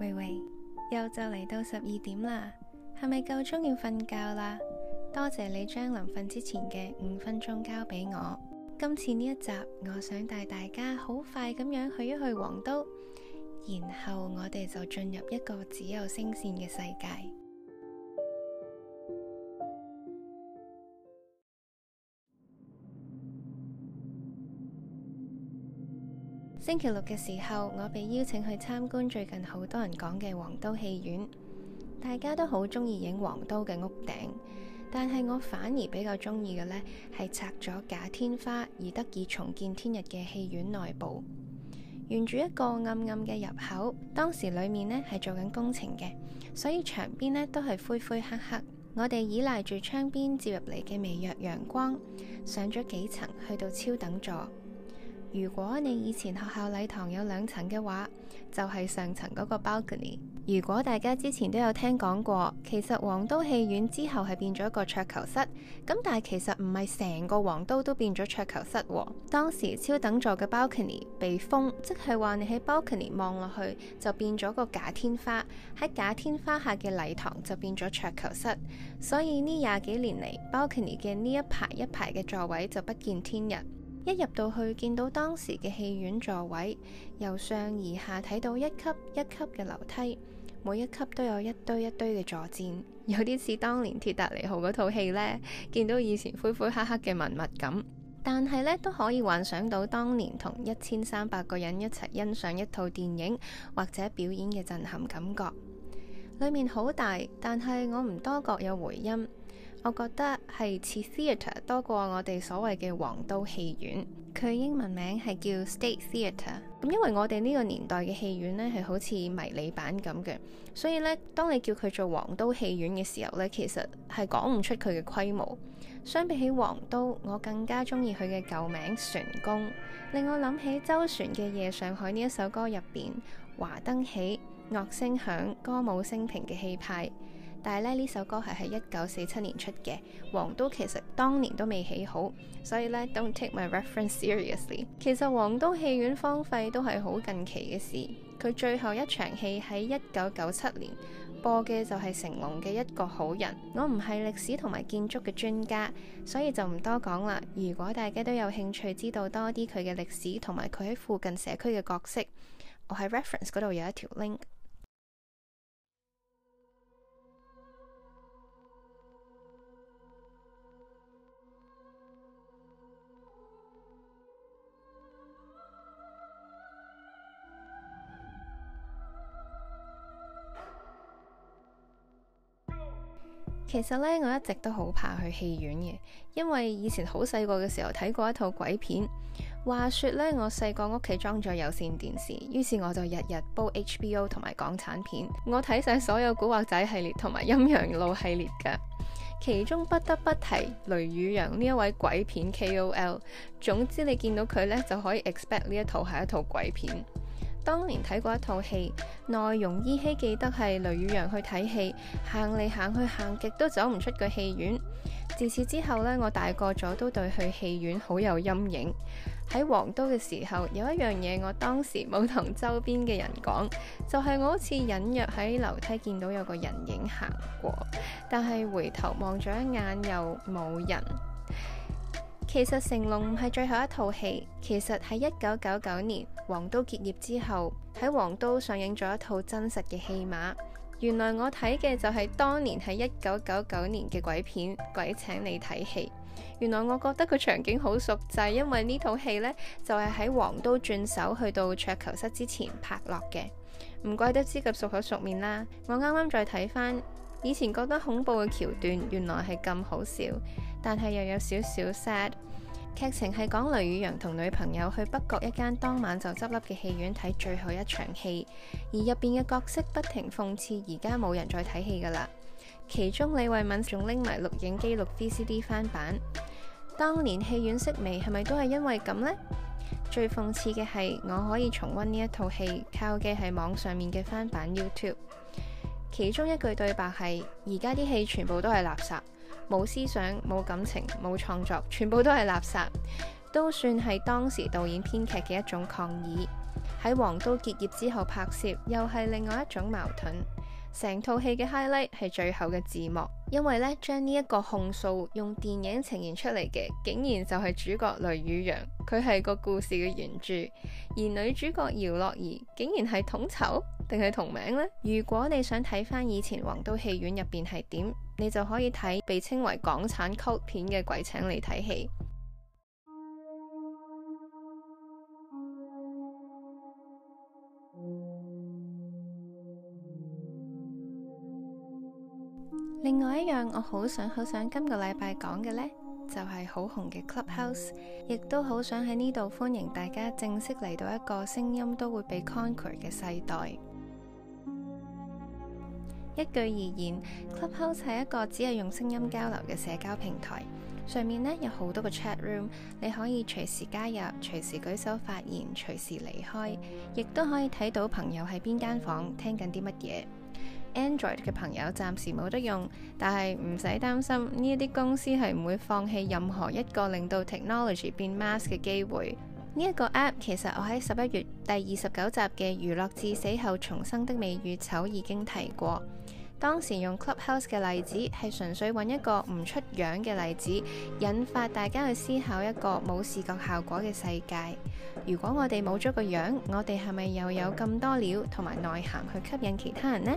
喂喂，又就嚟到十二點啦，係咪夠鐘要瞓覺啦？多謝你將臨瞓之前嘅五分鐘交俾我。今次呢一集，我想帶大家好快咁樣去一去皇都，然後我哋就進入一個只有聲線嘅世界。星期六嘅時候，我被邀請去參觀最近好多人講嘅皇都戲院，大家都好中意影皇都嘅屋頂，但係我反而比較中意嘅呢係拆咗假天花而得以重見天日嘅戲院內部。沿住一個暗暗嘅入口，當時裏面呢係做緊工程嘅，所以牆邊呢都係灰灰黑黑。我哋依賴住窗邊照入嚟嘅微弱陽光，上咗幾層去到超等座。如果你以前學校禮堂有兩層嘅話，就係上層嗰個 balcony。如果大家之前都有聽講過，其實皇都戲院之後係變咗個桌球室。咁但係其實唔係成個皇都都變咗桌球室喎。當時超等座嘅 balcony 被封，即係話你喺 balcony 望落去就變咗個假天花。喺假天花下嘅禮堂就變咗桌球室。所以呢廿幾年嚟，balcony 嘅呢一排一排嘅座位就不見天日。一入到去，見到當時嘅戲院座位，由上而下睇到一級一級嘅樓梯，每一級都有一堆一堆嘅座墊，有啲似當年鐵達《鐵達尼號》嗰套戲呢，見到以前灰灰黑黑嘅文物咁，但係呢都可以幻想到當年同一千三百個人一齊欣賞一套電影或者表演嘅震撼感覺。裏面好大，但係我唔多覺有回音。我覺得係似 theatre 多過我哋所謂嘅皇都戲院，佢英文名係叫 State Theatre。咁因為我哋呢個年代嘅戲院呢係好似迷你版咁嘅，所以呢，當你叫佢做皇都戲院嘅時候呢，其實係講唔出佢嘅規模。相比起皇都，我更加中意佢嘅舊名璇宮，令我諗起周璇嘅《夜上海》呢一首歌入邊，華燈起，樂聲響，歌舞升平嘅氣派。但係咧，呢首歌係喺一九四七年出嘅。黃都其實當年都未起好，所以呢 d o n t take my reference seriously。其實黃都戲院荒廢都係好近期嘅事，佢最後一場戲喺一九九七年播嘅就係成龍嘅一個好人。我唔係歷史同埋建築嘅專家，所以就唔多講啦。如果大家都有興趣知道多啲佢嘅歷史同埋佢喺附近社區嘅角色，我喺 reference 嗰度有一條 link。其實咧，我一直都好怕去戲院嘅，因為以前好細個嘅時候睇過一套鬼片。話說咧，我細個屋企裝咗有線電視，於是我就日日煲 HBO 同埋港產片。我睇晒所有《古惑仔》系列同埋《陰陽路》系列噶，其中不得不提雷宇揚呢一位鬼片 KOL。總之你見到佢呢，就可以 expect 呢一套係一套鬼片。當年睇過一套戲，內容依稀記得係雷雨陽去睇戲，行嚟行去行極都走唔出個戲院。自此之後呢，我大個咗都對去戲院好有陰影。喺皇都嘅時候，有一樣嘢我當時冇同周邊嘅人講，就係我好似隱約喺樓梯見到有個人影行過，但係回頭望咗一眼又冇人。其實成龍唔係最後一套戲，其實喺一九九九年皇都結業之後，喺皇都上映咗一套真實嘅戲碼。原來我睇嘅就係當年喺一九九九年嘅鬼片《鬼請你睇戲》。原來我覺得個場景好熟，就係因為呢套戲呢，就係喺皇都轉手去到桌球室之前拍落嘅。唔怪得之咁熟口熟面啦。我啱啱再睇返以前覺得恐怖嘅橋段，原來係咁好笑。但係又有少少 sad。劇情係講雷宇揚同女朋友去北角一間當晚就執笠嘅戲院睇最後一場戲，而入邊嘅角色不停諷刺，而家冇人再睇戲噶啦。其中李慧敏仲拎埋錄影機錄 D C D 翻版。當年戲院式微係咪都係因為咁呢？最諷刺嘅係，我可以重溫呢一套戲，靠嘅係網上面嘅翻版 YouTube。其中一句對白係：而家啲戲全部都係垃圾。冇思想、冇感情、冇創作，全部都係垃圾，都算係當時導演編劇嘅一種抗議。喺皇都結業之後拍攝，又係另外一種矛盾。成套戲嘅 highlight 係最後嘅字幕，因為呢將呢一個控訴用電影呈現出嚟嘅，竟然就係主角雷宇揚，佢係個故事嘅原著，而女主角姚樂怡竟然係統籌定係同名呢？如果你想睇翻以前皇都戲院入邊係點，你就可以睇被稱為港產 cult 片嘅《鬼請你睇戲》。另外一樣，我好想好想今個禮拜講嘅呢，就係好紅嘅 Clubhouse，亦都好想喺呢度歡迎大家正式嚟到一個聲音都會被 conquer 嘅世代。一句而言，Clubhouse 係一個只係用聲音交流嘅社交平台，上面呢有好多個 chat room，你可以隨時加入、隨時舉手發言、隨時離開，亦都可以睇到朋友喺邊間房聽緊啲乜嘢。Android 嘅朋友暫時冇得用，但係唔使擔心，呢一啲公司係唔會放棄任何一個令到 technology 變 mass 嘅機會。呢一個 app 其實我喺十一月第二十九集嘅《娛樂至死後重生的美與醜》已經提過，當時用 Clubhouse 嘅例子係純粹揾一個唔出樣嘅例子，引發大家去思考一個冇視覺效果嘅世界。如果我哋冇咗個樣，我哋係咪又有咁多料同埋內涵去吸引其他人呢？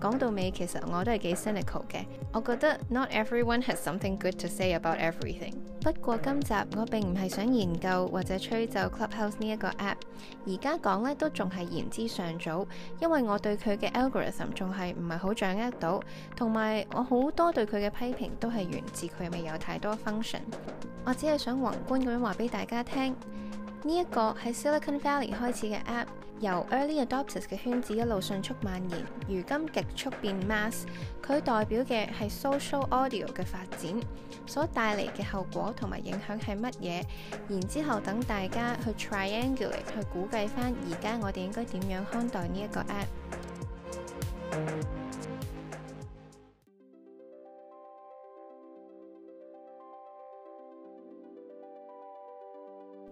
講到尾，其實我都係幾 cynical 嘅。我覺得 Not everyone has something good to say about everything。不過今集我並唔係想研究或者吹走 Clubhouse 呢一個 app。而家講呢都仲係言之尚早，因為我對佢嘅 algorithm 仲係唔係好掌握到，同埋我好多對佢嘅批評都係源自佢未有太多 function。我只係想宏觀咁樣話俾大家聽。呢一個喺 Silicon Valley 開始嘅 App，由 Early Adopters 嘅圈子一路迅速蔓延，如今極速變 Mass。佢代表嘅係 Social Audio 嘅發展，所帶嚟嘅後果同埋影響係乜嘢？然之後等大家去 Triangulate 去估計翻，而家我哋應該點樣看待呢一個 App？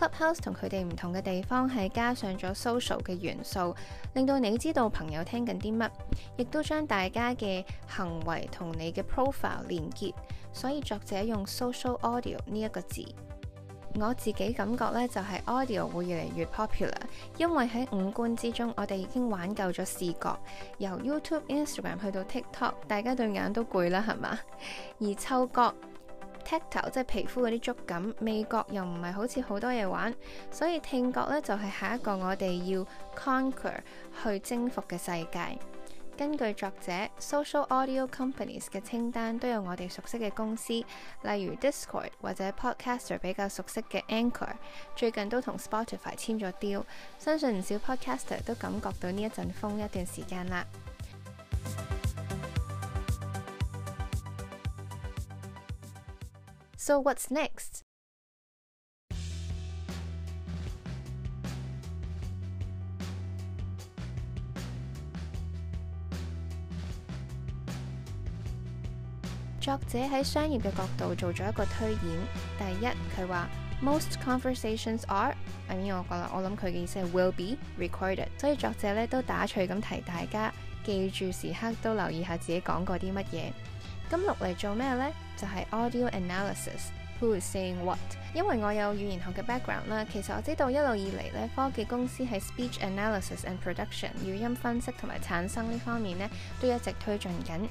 Clubhouse 同佢哋唔同嘅地方係加上咗 social 嘅元素，令到你知道朋友聽緊啲乜，亦都將大家嘅行為同你嘅 profile 連結。所以作者用 social audio 呢一個字，我自己感覺呢就係 audio 會越嚟越 popular，因為喺五官之中，我哋已經玩夠咗視覺，由 YouTube、Instagram 去到 TikTok，大家對眼都攰啦，係嘛？而嗅覺 t o, 即係皮膚嗰啲觸感，味覺又唔係好似好多嘢玩，所以聽覺呢就係、是、下一個我哋要 conquer 去征服嘅世界。根據作者 Social Audio Companies 嘅清單，都有我哋熟悉嘅公司，例如 d i s c o 或者 Podcaster 比較熟悉嘅 Anchor，最近都同 Spotify 簽咗 d 相信唔少 Podcaster 都感覺到呢一陣風一段時間啦。So what's next？作者喺商業嘅角度做咗一個推演。第一，佢話：Most conversations are，I mean, 我覺得我諗佢嘅意思係 will be recorded。所以作者咧都打趣咁提大家，記住時刻都留意下自己講過啲乜嘢。咁錄嚟做咩呢？就係 audio analysis，who is saying what？因為我有語言學嘅 background 啦，其實我知道一路以嚟咧，科技公司喺 speech analysis and production 語音分析同埋產生呢方面呢，都一直推進緊。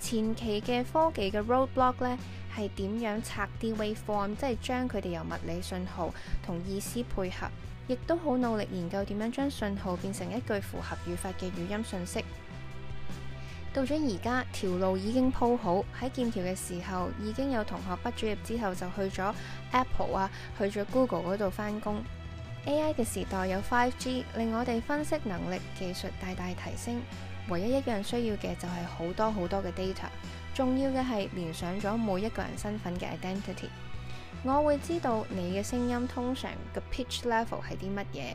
前期嘅科技嘅 roadblock 呢，係點樣拆啲 waveform，即係將佢哋由物理信號同意思配合，亦都好努力研究點樣將信號變成一句符合語法嘅語音信息。到咗而家，條路已經鋪好。喺劍橋嘅時候，已經有同學畢咗業之後就去咗 Apple 啊，去咗 Google 嗰度返工。AI 嘅時代有 5G，令我哋分析能力技術大大提升。唯一一樣需要嘅就係好多好多嘅 data。重要嘅係連上咗每一個人身份嘅 identity。我會知道你嘅聲音通常嘅 pitch level 係啲乜嘢。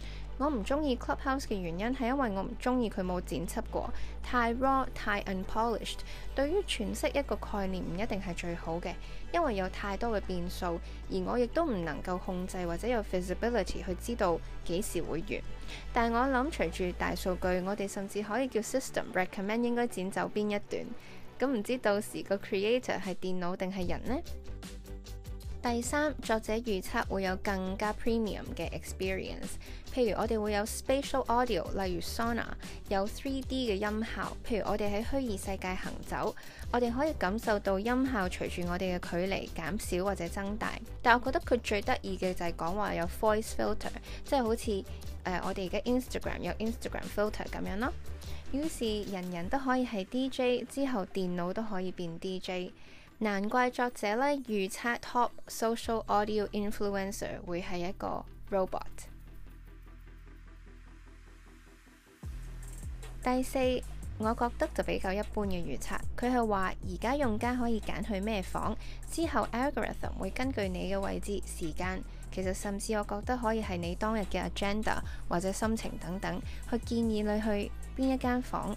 我唔中意 Clubhouse 嘅原因係因為我唔中意佢冇剪輯過，太 raw 太 unpolished。對於詮釋一個概念唔一定係最好嘅，因為有太多嘅變數，而我亦都唔能夠控制或者有 visibility 去知道幾時會完。但我諗隨住大數據，我哋甚至可以叫 system recommend 應該剪走邊一段。咁唔知到時個 creator 係電腦定係人呢？第三，作者預測會有更加 premium 嘅 experience。譬如我哋會有 spatial audio，例如 sonar 有 three D 嘅音效。譬如我哋喺虛擬世界行走，我哋可以感受到音效隨住我哋嘅距離減少或者增大。但我覺得佢最得意嘅就係講話有 voice filter，即係好似誒、呃、我哋而家 Instagram 有 Instagram filter 咁樣咯。於是人人都可以係 DJ，之後電腦都可以變 DJ。難怪作者咧預測 top social audio influencer 會係一個 robot。第四，我覺得就比較一般嘅預測。佢係話而家用家可以揀去咩房，之後 algorithm 會根據你嘅位置、時間，其實甚至我覺得可以係你當日嘅 agenda 或者心情等等，去建議你去邊一間房。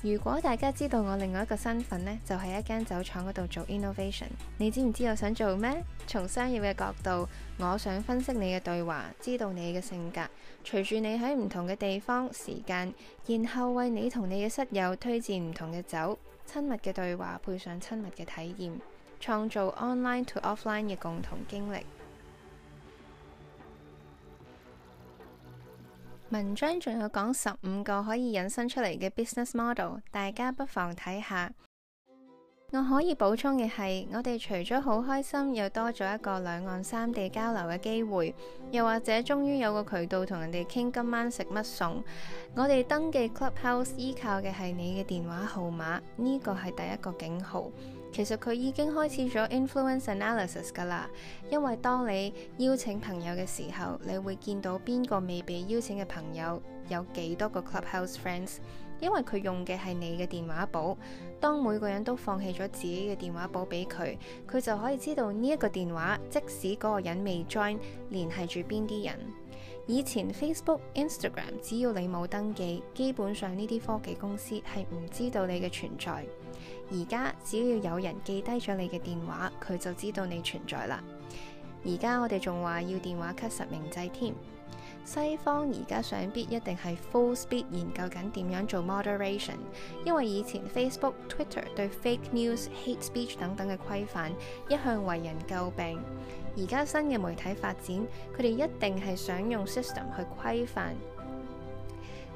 如果大家知道我另外一個身份呢，就喺一間酒廠嗰度做 innovation。你知唔知我想做咩？從商業嘅角度，我想分析你嘅對話，知道你嘅性格，隨住你喺唔同嘅地方、時間，然後為你同你嘅室友推薦唔同嘅酒。親密嘅對話配上親密嘅體驗，創造 online to offline 嘅共同經歷。文章仲有講十五個可以引申出嚟嘅 business model，大家不妨睇下。我可以補充嘅係，我哋除咗好開心，又多咗一個兩岸三地交流嘅機會，又或者終於有個渠道同人哋傾今晚食乜餸。我哋登記 Clubhouse 依靠嘅係你嘅電話號碼，呢個係第一個警號。其實佢已經開始咗 influence analysis 㗎啦，因為當你邀請朋友嘅時候，你會見到邊個未被邀請嘅朋友有幾多個 clubhouse friends，因為佢用嘅係你嘅電話簿。當每個人都放棄咗自己嘅電話簿俾佢，佢就可以知道呢一個電話，即使嗰個人未 join，聯繫住邊啲人。以前 Facebook、Instagram 只要你冇登記，基本上呢啲科技公司係唔知道你嘅存在。而家只要有人記低咗你嘅電話，佢就知道你存在啦。而家我哋仲話要電話卡實名制添。西方而家想必一定係 full speed 研究緊點樣做 moderation，因為以前 Facebook、Twitter 對 fake news、hate speech 等等嘅規範一向為人詬病。而家新嘅媒體發展，佢哋一定係想用 system 去規範。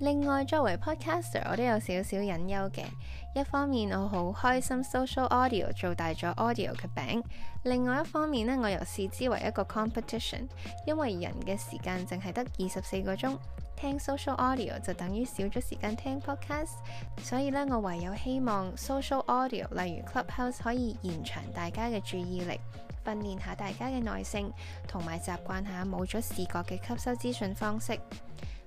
另外，作為 podcaster，我都有少少隱憂嘅。一方面，我好開心 social audio 做大咗 audio 嘅餅；另外一方面呢，我又視之為一個 competition，因為人嘅時間淨係得二十四個鐘，聽 social audio 就等於少咗時間聽 podcast。所以呢，我唯有希望 social audio，例如 Clubhouse，可以延長大家嘅注意力，訓練下大家嘅耐性，同埋習慣下冇咗視覺嘅吸收資訊方式。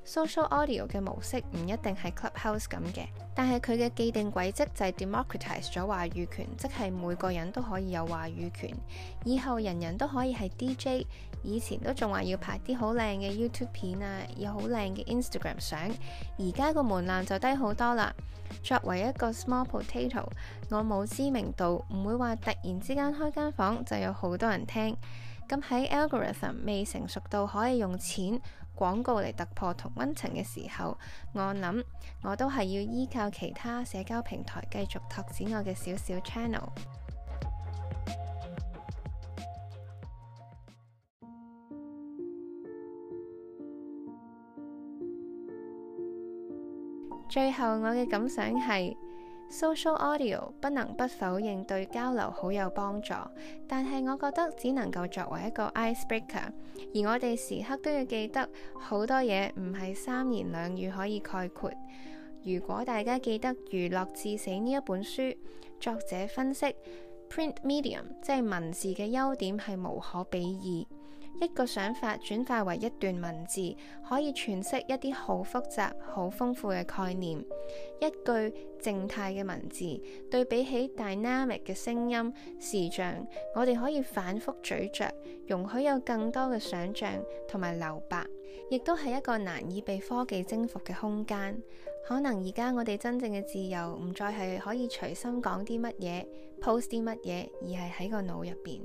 Social audio 嘅模式唔一定係 clubhouse 咁嘅，但係佢嘅既定軌跡就係 democratize 咗話語權，即係每個人都可以有話語權。以後人人都可以係 DJ，以前都仲話要拍啲好靚嘅 YouTube 片啊，有好靚嘅 Instagram 相，而家個門檻就低好多啦。作為一個 small potato，我冇知名度，唔會話突然之間開間房就有好多人聽。咁喺 algorithm 未成熟到可以用錢廣告嚟突破同溫層嘅時候，我諗我都係要依靠其他社交平台繼續拓展我嘅小小 channel。 最後，我嘅感想係。Social audio 不能不否認對交流好有幫助，但係我覺得只能夠作為一個 ice breaker，而我哋時刻都要記得好多嘢唔係三言兩語可以概括。如果大家記得《娛樂至死》呢一本書，作者分析 print medium 即係文字嘅優點係無可比擬。一個想法轉化為一段文字，可以詮釋一啲好複雜、好豐富嘅概念。一句靜態嘅文字，對比起大 dynamic 嘅聲音、視像，我哋可以反覆咀嚼，容許有更多嘅想象同埋留白，亦都係一個難以被科技征服嘅空間。可能而家我哋真正嘅自由，唔再係可以隨心講啲乜嘢，post 啲乜嘢，而係喺個腦入邊。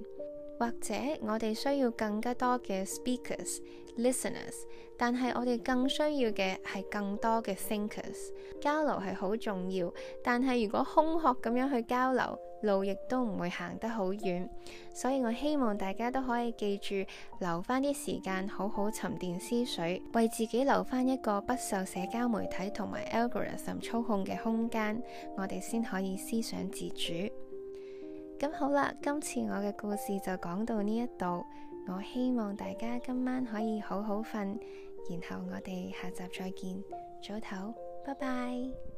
或者我哋需要更加多嘅 speakers、listeners，但係我哋更需要嘅係更多嘅 thinkers。交流係好重要，但係如果空殼咁樣去交流，路亦都唔會行得好遠。所以，我希望大家都可以記住留翻啲時間好好沉澱思緒，為自己留翻一個不受社交媒體同埋 algorithm 操控嘅空間，我哋先可以思想自主。咁好啦，今次我嘅故事就講到呢一度，我希望大家今晚可以好好瞓，然後我哋下集再見，早唞，拜拜。